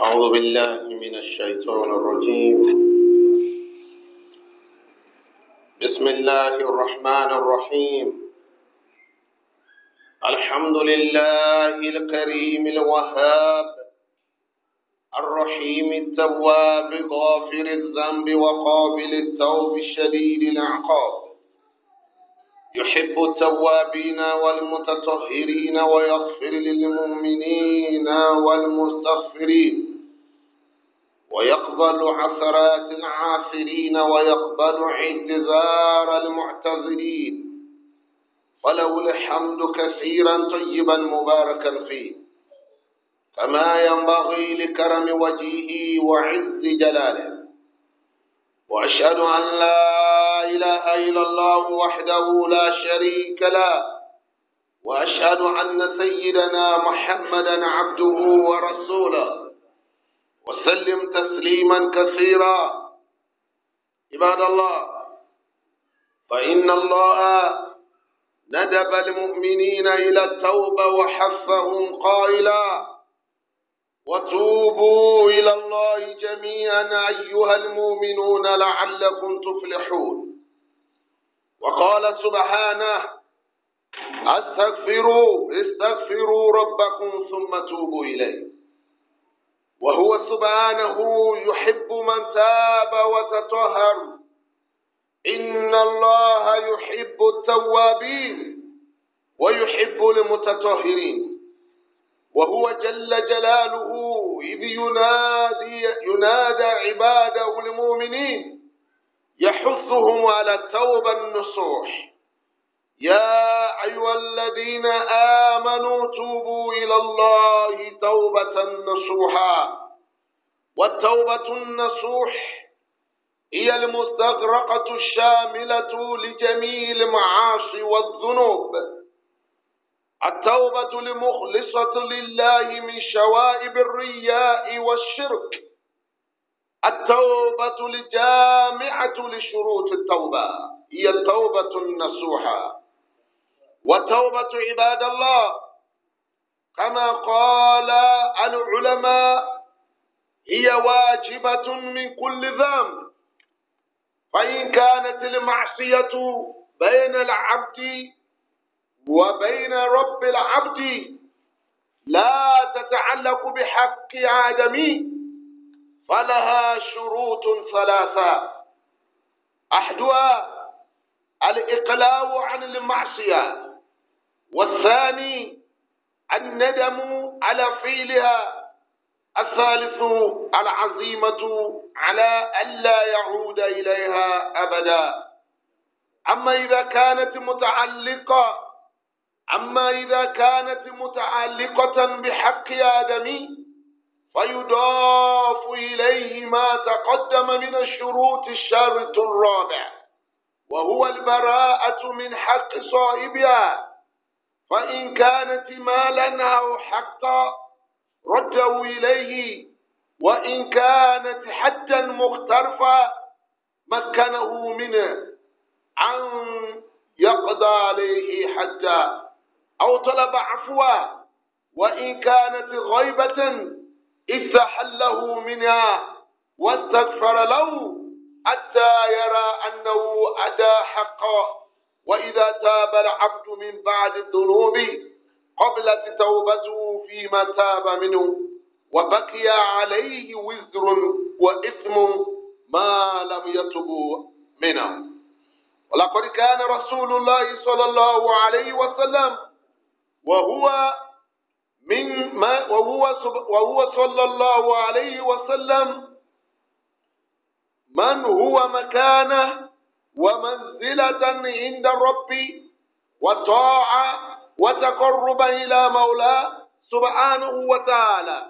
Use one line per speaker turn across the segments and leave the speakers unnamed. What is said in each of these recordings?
أعوذ بالله من الشيطان الرجيم بسم الله الرحمن الرحيم الحمد لله الكريم الوهاب الرحيم التواب غافر الذنب وقابل التوب الشديد العقاب يحب التوابين والمتطهرين ويغفر للمؤمنين والمستغفرين ويقبل عثرات العاثرين ويقبل اعتذار المعتذرين فله الحمد كثيرا طيبا مباركا فيه كما ينبغي لكرم وجهه وعز جلاله واشهد ان لا إله إلا الله وحده لا شريك له وأشهد أن سيدنا محمدا عبده ورسوله وسلم تسليما كثيرا عباد الله فإن الله ندب المؤمنين إلى التوبة وحفهم قائلا وتوبوا إلى الله جميعا أيها المؤمنون لعلكم تفلحون وقال سبحانه استغفروا استغفروا ربكم ثم توبوا إليه وهو سبحانه يحب من تاب وتطهر إن الله يحب التوابين ويحب المتطهرين وهو جل جلاله إذ ينادي ينادى عباده المؤمنين يحثهم على التوبة النصوح يا أيها الذين آمنوا توبوا إلى الله توبة نصوحا والتوبة النصوح هي المستغرقة الشاملة لجميع المعاصي والذنوب التوبة المخلصة لله من شوائب الرياء والشرك التوبة الجامعة لشروط التوبة هي التوبة النصوحة والتوبة عباد الله كما قال العلماء هي واجبة من كل ذنب فإن كانت المعصية بين العبد وبين رب العبد لا تتعلق بحق آدمي فلها شروط ثلاثة أحدها الإقلاع عن المعصية والثاني الندم على فعلها الثالث العزيمة على ألا يعود إليها أبدا أما إذا كانت متعلقة أما إذا كانت متعلقة بحق آدمي فيضاف إليه ما تقدم من الشروط الشرط الرابع وهو البراءة من حق صاحبها فإن كانت مالا أو حقا رده إليه وإن كانت حدا مخترفا مكنه منه أن يقضى عليه حدا أو طلب عفوا وإن كانت غيبة استحله منها واستغفر له حتى يرى أنه أدى حقا وإذا تاب العبد من بعد الذنوب قبلت توبته فيما تاب منه وبقي عليه وزر وإثم ما لم يتب منه ولقد كان رسول الله صلى الله عليه وسلم وهو من ما وهو وهو صلى الله عليه وسلم من هو مكانه ومنزلة عند الرب وطاعة وتقرب إلى مولاه سبحانه وتعالى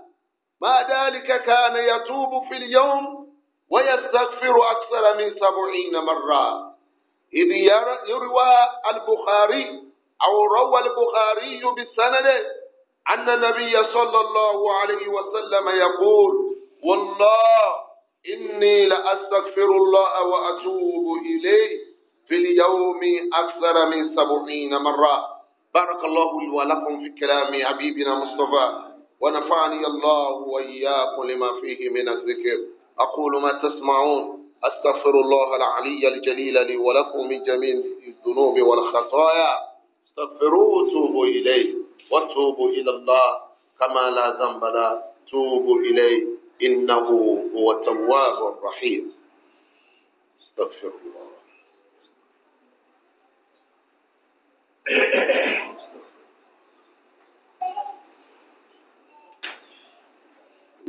ما ذلك كان يتوب في اليوم ويستغفر أكثر من سبعين مرة إذ يروى البخاري أو روى البخاري بالسند أن النبي صلى الله عليه وسلم يقول والله إني لأستغفر الله وأتوب إليه في اليوم أكثر من سبعين مرة بارك الله لي ولكم في كلام حبيبنا مصطفى ونفعني الله وإياكم لما فيه من الذكر أقول ما تسمعون أستغفر الله العلي الجليل لي ولكم من جميع الذنوب والخطايا استغفروه وتوبوا إليه وتوبوا إلى الله كما لا ذنب لا توبوا إليه إنه هو التواب الرحيم استغفر الله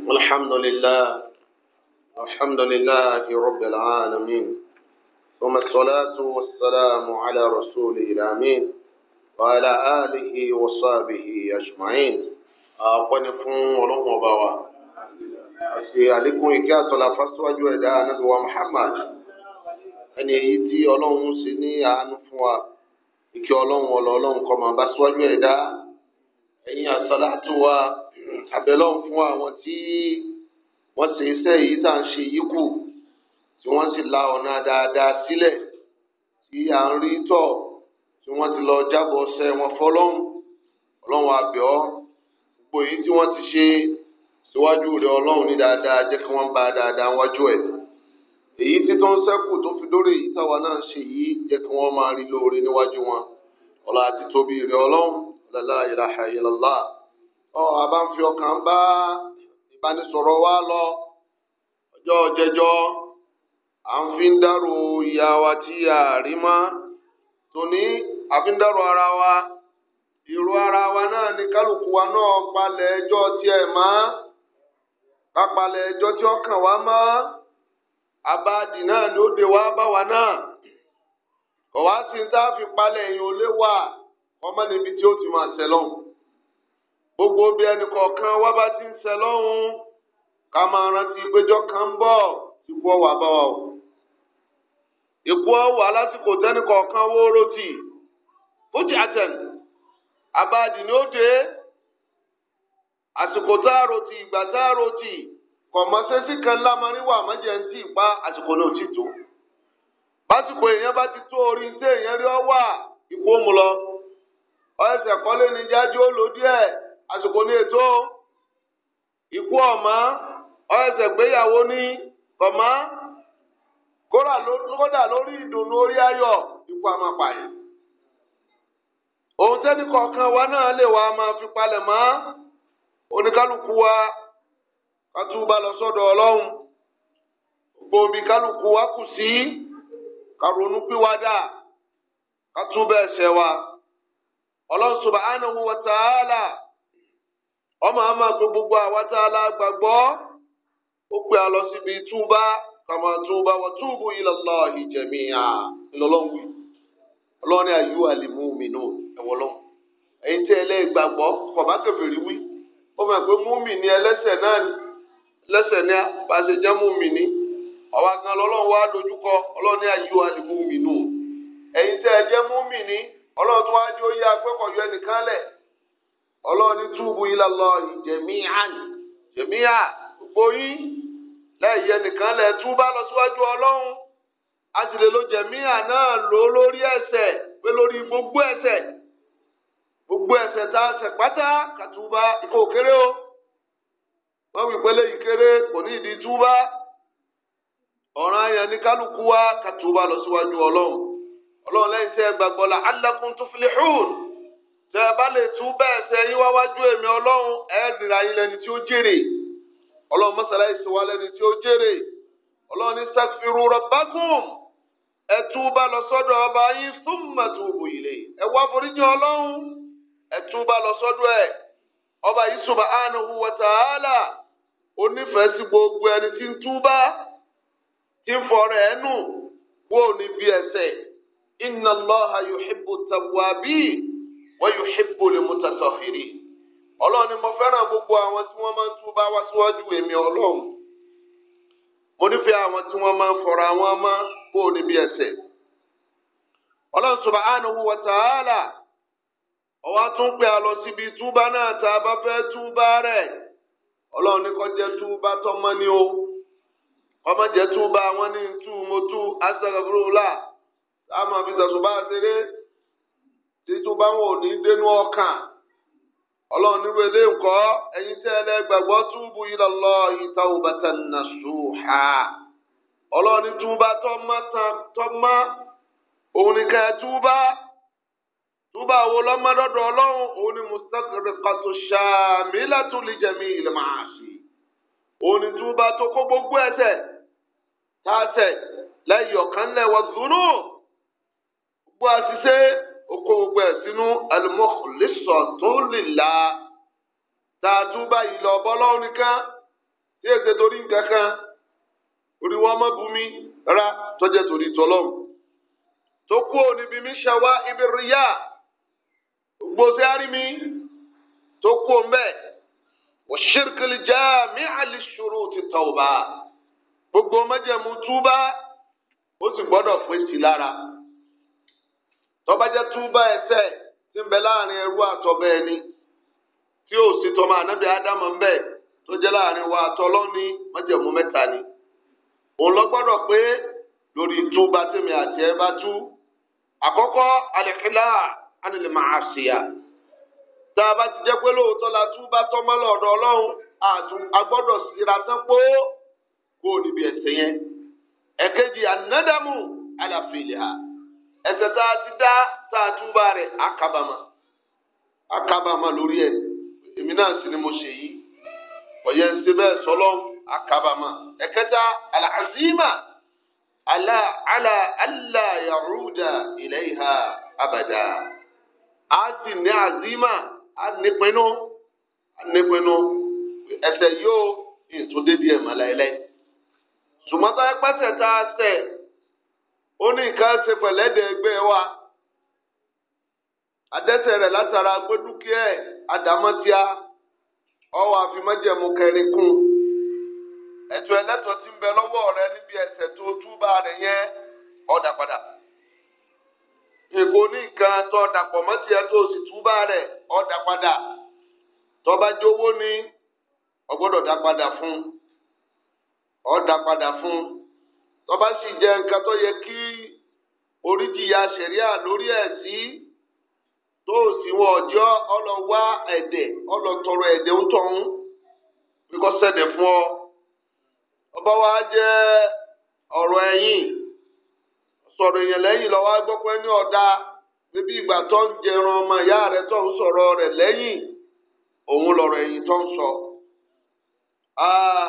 والحمد لله الحمد لله رب العالمين ثم الصلاة والسلام على رسوله الأمين wàhálà áàlìhì wọ́sàbìhì àjùmáyìn àpọ́ni fún ọlọ́run ọba wa àti àlékún ìkẹ́ àtọ́lá fásitọ́wájú ẹ̀dá anábíwá Muhammad ẹni èyí tí ọlọ́run sì ní àánú fún wa ìkẹ́ ọlọ́run ọlọ́ ọlọ́run kọ́ máa bá síwájú ẹ̀dá ẹ̀yìn àtọ́lá tó wa àbẹ̀lọ́run fún àwọn tí wọ́n ṣe iṣẹ́ yìí tá à ń ṣe yìí tí wọ́n sì la ọ̀nà dáadáa sílẹ̀ tí à ń rí tọ̀ tí wọ́n ti lọ jábọ̀ ṣẹ́ wọn fọlọ́hún ọlọ́run àbẹ̀ ọ́ gbogbo èyí tí wọ́n ti ṣe síwájú rẹ̀ ọlọ́run ní dáadáa jẹ́ kí wọ́n bá dáadáa wájú ẹ̀ èyí tí tó ń ṣẹ́kù tó fi dórí èyí táwa náà ṣe yìí jẹ́ kí wọ́n máa rí lóore níwájú wọn ọlá àti tóbi rẹ̀ ọlọ́run lálá ìlàhà ìlàlá ọ àbá ń fi ọkàn bá ìbánisọ̀rọ̀ wa lọ ọjọ́ jẹjọ́ à ń fi ń dárò ìyá wa tí a rí máa tòní àfíńdọ̀rọ̀ ara wa ìró ara wa náà ni kálukú wa náà palẹ̀ ẹjọ́ tiẹ̀ mọ́ kápalẹ̀ ẹjọ́ tí ó kàn wá mọ́ abáàdì náà ló dé wá bá wa náà kọ̀wá sí ń tá a fi palẹ̀ èèyàn ò lè wà ọmọ níbi tí ó ti máa ṣẹ lọ́hùn gbogbo bí ẹnì kọ̀ọ̀kan wá bá ti ń ṣẹ lọ́hùn ká máa rántí péjọ kan ń bọ̀ ti bọ́ wà bá wa o. ikú ọwà lásìkò tẹnìkọ̀ọ̀kan wóró tì fújì àtẹn abáàdì ni ó àsìkò tá a ìgbà tá a rotì kọ̀mọ́sẹ́sí kan lámaríwá àmọ́jẹ́ ń tì pa àsìkò náà ti tó básìkò èèyàn bá ti tó orí ń tẹ èèyàn rí ọ wà ikú ó mu lọ ọ̀ẹ́sẹ̀ kọ́lé ní jájú ó lò díẹ̀ àsìkò ní ètò ikú ọ̀mọ́ ọ̀ẹ́sẹ̀ gbéyàwó ní kọ̀mọ́. kódà lórí ìdùnnú orí ayọ̀ ikú a máa pààyàn. òun tẹ́ni kọ̀ọ̀kan wa náà lè wá máa fi palẹ̀ mọ́ oníkálukú wa ká lọ sọ́dọ̀ ọlọ́run gbòòbí kálukú wa kù sí ká ronú pìwàdà ká túbà ẹ̀ṣẹ̀ wa ọlọ́run ọmọ àmà gbogbo a gbàgbọ́ ó pè á lọ síbi túbà. kama tuba wa tubu ila allah jami'a lo lo wi lo ni ayu al mu'minun e wo lo ele gbagbo ko ba ke beri wi o ma pe ni elese na ni lese ni ba se je mu'min ni o wa kan lo lohun wa doju ko lo ni ayu al mu'minun en te je mu'min ni tun wa ya pe ko yo le olohun ni tubu ila allah jami'an jami'a boyi lẹ́yìn ẹnìkan lẹ̀ tún bá lọ síwájú ọlọ́run àtìlè ló jẹ̀míà náà lò lórí ẹ̀ṣẹ̀ pé lórí gbogbo ẹ̀ṣẹ̀ gbogbo ẹ̀ṣẹ̀ tá a ṣẹ̀ pátá kàtúbà ikọ̀ òkéré o wọ́n wí pélé ìkéré kò ní ìdí túbà ọ̀ràn ayàn ní kálukú wa kàtúbà lọ síwájú ọlọ́run ọlọ́run lẹ́yìn tẹ́ ẹ gbàgbọ́ la alákùn tó filẹ̀ hùn tẹ́ ẹ bá lè tún bẹ́ẹ̀ ṣe yíwáwájú èmi ọlọ́run ẹ̀ẹ́dìrà ilẹ̀ ni tí ó jèrè ọlọ́run mọ́sálá yìí sọ̀wá lẹ́ni tí ó jèrè ọlọ́run ní sàkfìrú rabbakum ẹ túbà lọ sọ́dọ̀ ọba yín thumma tubu ilayhi ẹ wá foríjì ọlọ́run ẹ túbà lọ sọ́dọ̀ ẹ̀ ọba yìí subhanahu wa ta'ala onífẹ̀ẹ́ sí gbogbo ẹni tí ń túbà tí ń fọ̀rọ̀ ẹ̀ nù wó ní bí ẹsẹ̀ inna Allaha yuhibbu tawwabin wa yuhibbu al-mutatahhirin ọlọ́run ni mo fẹ́ràn gbogbo àwọn tí wọ́n máa ń túbá wá síwájú èmi ọlọ́run mo nífẹ̀ẹ́ àwọn tí wọ́n máa ń fọ̀rọ̀ àwọn mọ́ kó o níbi ẹ̀ṣẹ̀ ọlọ́run subhanahu wa ta'ala ọwọ́ tún pé a lọ síbi túbá náà tá a bá fẹ́ túbá rẹ̀ ọlọ́run ní kó jẹ́ túbá tọ́mọ ni o ọmọ jẹ́ túbá àwọn ní ntú mo tú astaghfirullah táwọn àfisàṣùbá ṣeré títúbá wọn ò ní dénú ọkàn ọlọ́run nírú ilé ńkọ́ ẹ̀yin tẹ́ ẹ lẹ́gbàgbọ́ túbú ila Allahi tawbatan nasuha ọlọ́run ní túbá tọ́mọ́ tán tọ́mọ́ òun ní kẹ́ ẹ túbá túbá wo lọ́mọdọ́dọ̀ ọlọ́run òun ní mustaqraqatu shamilatu li jami'il ma'asi òun ní túbá tó kó gbogbo ẹ̀ṣẹ̀ tá a ṣẹ̀ lẹ́yìn ọ̀kan lẹ́wọ̀ zunú gbogbo àṣìṣe ó kó gbogbo ẹ̀ sínú alimọ̀lẹ́sọ̀ tó lè la tààtún báyìí lọ bọ́lọ́run nìkan tí èsè torí nǹkan kan orí wọn mọ́ bumi rárá tọ́jẹ́ torí tọ́lọ́run tó kú òní bí mi ṣe wá ibi ríyà gbòòsì àrími tó kú òun bẹ́ẹ̀ ṣírkìlì jẹ́ mí àlìṣòro ti tọ̀ bá gbogbo májẹ̀mú túbá ó sì gbọ́dọ̀ pèsè lára tọ́ba jẹ́ túbá ẹ̀ṣẹ̀ tí ń bẹ láàrin ẹrú àtọ́bẹ ẹni tí ó sì tọ́mọ ànábì ádámọ̀ ń bẹ tó jẹ́ láàrin wa àtọ́lọ́ ní májẹ̀mú mẹ́ta ni òun lọ gbọ́dọ̀ pé lórí túbá tèmi àti ẹ bá tú àkọ́kọ́ àlẹ́kílá ánìlẹ̀ máa ṣìyà tá a bá ti jẹ́ pé lóòótọ́ la túbá tọ́mọ́ lọ́dọ̀ ọlọ́run àgbọ́dọ̀ síra tán pé kó o níbi ẹ̀ṣẹ̀ yẹn ẹ̀kejì ànádàmú àlàfíìlì ha. ẹ̀ṣẹ̀ tá a ti dá tá a túbà rẹ̀ akabama àkàbàmà lórí ẹ̀ èmi náà sì ni mo ṣe yìí ọ̀yẹ́ ń ṣe bẹ́ẹ̀ sọlọ́ àkàbàmà ẹ̀kẹta alàzímà ala ala alá yàrúdà ilayha abada a ti ní azima a a yóò sùmọ́tà tá a ó ní nǹkan ṣe wa adẹ́sẹ̀ rẹ̀ látara pé dúkìá ẹ̀ àdámọ́tíá ọwọ́ àfimọ́jẹ̀mú kẹrin kún ẹ̀tọ́ ti ń bẹ lọ́wọ́ rẹ níbi ẹ̀ṣẹ̀ tó túbà rẹ̀ yẹn ọ̀dà padà èkó ní nǹkan tó dàpọ̀ mọ́tíá tó sì túbà rẹ̀ ọ̀dà padà tọ́ba jówó ní dá tọ́ba sì jẹ nǹkan tó yẹ kí ya ṣẹ̀ríà lórí ẹ̀ sí tó sì ọjọ́ ọlọ́wá ẹ̀dẹ̀ ọlọ́tọrọ ẹ̀dẹ̀ ń fún ọ. ọba wa jẹ́ ọrọ ẹ̀yìn sọ̀rọ̀ èèyàn lẹ́yìn lọ́wọ́ gbọ́pẹ́ ní níbi ìgbà tó ọmọ ìyá rẹ tó ń òun tó ah,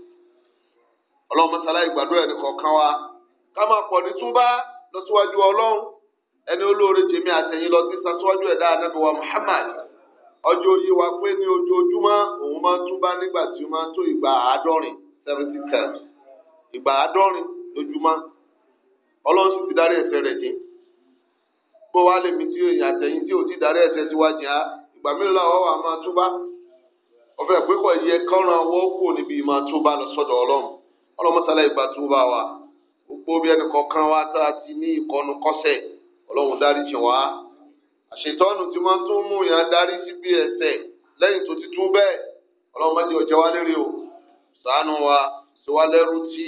ọlọ́run mọ́sálá ìgbàdúrà ẹni kọ̀ọ̀kan wa ká máa pọ̀ ní túbá lọ́síwájú ọlọ́run ẹni olóore jèmi àtẹ̀yìn lọ sí sasíwájú ẹ̀dá Muhammad ọjọ́ òye wa pé ní ojoojúmọ́ òun máa ń nígbà tí ó máa tó ìgbà àádọ́rin seventy times ìgbà àádọ́rin lójúmọ́ ọlọ́run sì ti darí rẹ̀ wa lè mi tí àtẹ̀yìn tí ò ti darí ìgbà mélòó làwọn wà máa ọlọ́mọsálá ìgbà tó bá wa gbogbo bí ẹnì kọ̀ọ̀kan wa tá a ti ní ìkọnu kọ́sẹ̀ ọlọ́run dáríjì wá àṣetọ́nù tí wọ́n tún mú yàn darí síbi ẹsẹ̀ lẹ́yìn tó ti tún bẹ́ẹ̀ ọlọ́run má jẹ́ lérè o ṣàánú wa ṣe wá lẹ́rú tí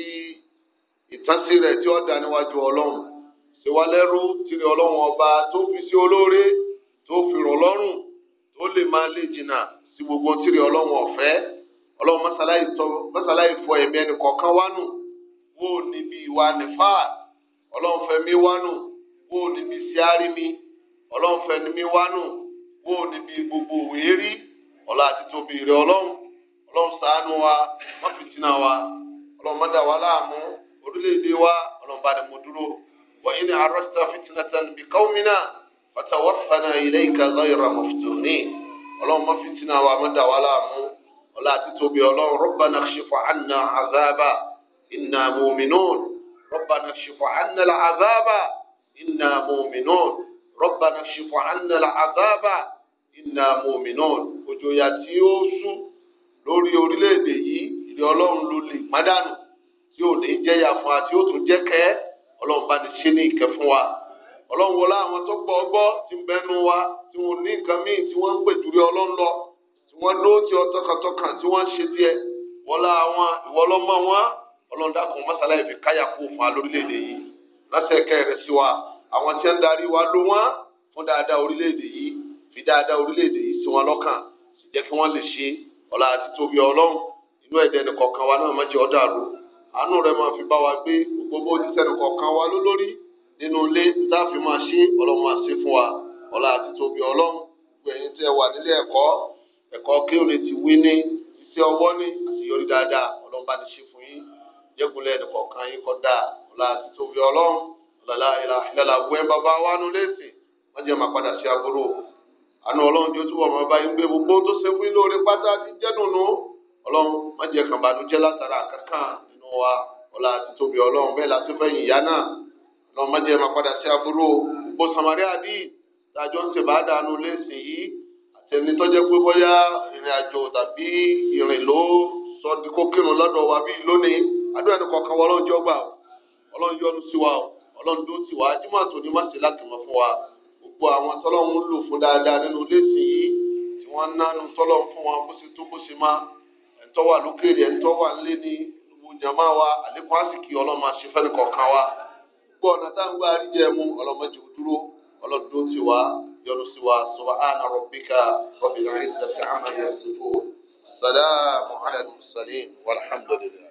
ìtánsí rẹ̀ tí ó dá níwájú ọlọ́run ṣe wá lẹ́rú tìrẹ ọlọ́run ọba tó fi sí olóore tó fi rọ̀ lọ́rùn tó lè máa lè jìnnà sí gbogbo tìrẹ ọlọ́run ọ̀fẹ́ ọlọ́run mọ́sálàyé fọ ẹ̀mí ẹnì kọ̀ọ̀kan wánú wó níbi ìwà nìfà ọlọ́run fẹ̀mí wánú wó níbi síárì mi ọlọ́run fẹ̀mí wánú wó níbi gbogbo wéérí ọlá àti tóbi rẹ ọlọ́run ọlọ́run ṣàánú wa má fìtínà wa ọlọ́run má dà wá láàmú orílẹ̀-èdè wa ọlọ́run bá dẹ̀ mọ́ dúró wọ́n yìí ní arọ́sítà fìtínàtà níbi káwọ́mínà fàtàwọ́fànà ilé ìkàlọ́ ìrà mọ̀fìtò ní ọlọ́run wa láàmú ọlá àti tóbi ọlọ́run rọ́bànà ṣìfọ̀ àná àzábà iná mòmìnún rọ́bànà ṣìfọ̀ àná làzábà iná mòmìnún rọ́bànà ṣìfọ̀ àná làzábà iná mòmìnún òjòyà tí ó sú lórí orílẹ̀-èdè yìí ìdí ọlọ́run ló lè má dànù tí ò ní jẹ́yà fún wa tí ó tún jẹ́ kẹ́ ọlọ́run bá ti ṣe ní ìkẹ́ fún wa ọlọ́run wọlé àwọn tó gbọ́ ọgbọ́ ti bẹnu wa tí wọn ní nǹkan míì tí wọ́n ń pè jùlọ ọlọ́run lọ wọ́n dúró tí ọ tọkàntọkàn tí wọ́n ń ṣe tiẹ̀ wọ́lá wọn ìwọ́lọ́mọ wọn ọlọ́ndàkùn mọ́sálá ìfi káyà kó fún wa lórílẹ̀‐èdè yìí lásẹ̀kẹ́ rẹ̀ sí wa àwọn tí ń darí wa ló wọ́n fún dáadáa orílẹ̀‐èdè yìí fi dáadáa orílẹ̀‐èdè yìí sí wọn lọ́kàn sì jẹ́ kí wọ́n lè ṣe ọ̀la àti tóbi ọlọ́run inú ẹ̀dẹ̀ nìkọ̀ọ̀kan wa náà má jẹ́ ọ̀dà ro àánú rẹ̀ máa fi bá wa gbé gbogbo òjíṣẹ́ nìkọ̀ọ̀kan wa lólórí nínú ilé láàfin máa ṣe ọlọ́run àṣẹ fún wa ọ̀la àti tóbi ọlọ́run gbẹ̀yìn tẹ́ wà nílé ẹ̀kọ́ ẹ̀kọ́ kéwòn ti wí ní iṣẹ́ ọwọ́ ní àṣeyọrí dáadáa ọlọ́run bá ti ṣe fún yín jẹ́kulẹ̀ ẹnìkọ̀ọ̀kan yín kọ́ dáa ọ̀la àti tóbi ọlọ́run ọ̀làlá ìlàlá wẹ́ bàbá wa nu lẹ́sìn wọ́n jẹ́ máa padà sí aburú àánú ọlọ́run tí ó túbọ̀ máa bá yín gbé gbogbo tó ṣe fún yín lóore pátá ti jẹ́dùnú ọlọ́run má jẹ́ kàn bànújẹ́ látara kankan nínú wa ọ̀la àti tóbi ọlọ́run bẹ́ẹ̀ láti fẹ́ yìnyá náà ọlọ́run má jẹ́ máa padà sí aburú gbogbo samaria ẹni tọ́jẹ́ pé bóyá ìrìn àjò tàbí ìrìn ló sọ di kó kírun lọ́dọ̀ wa bí lónìí àdúrà ní kọ̀ọ̀kan wa ọlọ́run jọ gbà o ọlọ́run yọ́nú sí wa o ọlọ́run dó sí wa ajímọ̀ àtòní má sí láti mọ̀ fún wa gbogbo àwọn tọ́lọ́run ń lò fún dáadáa nínú ilé sí yìí tí wọ́n nánu tọ́lọ́run fún wọn bó ṣe tó bó ṣe má ẹ̀ńtọ́ wà lókèrè ẹ̀ńtọ́ wà ńlé ní gbogbo jàmá wa àlékún àsìkí ọlọ́run máa ṣe fẹ́ni wa gbogbo ọ̀nà táwọn gbà rí ọlọ́run dúró tì wá yọ́nú sí wa subhana rabbika rabbil izzati amma yasifun salamu ala al-mursalin walhamdulillah.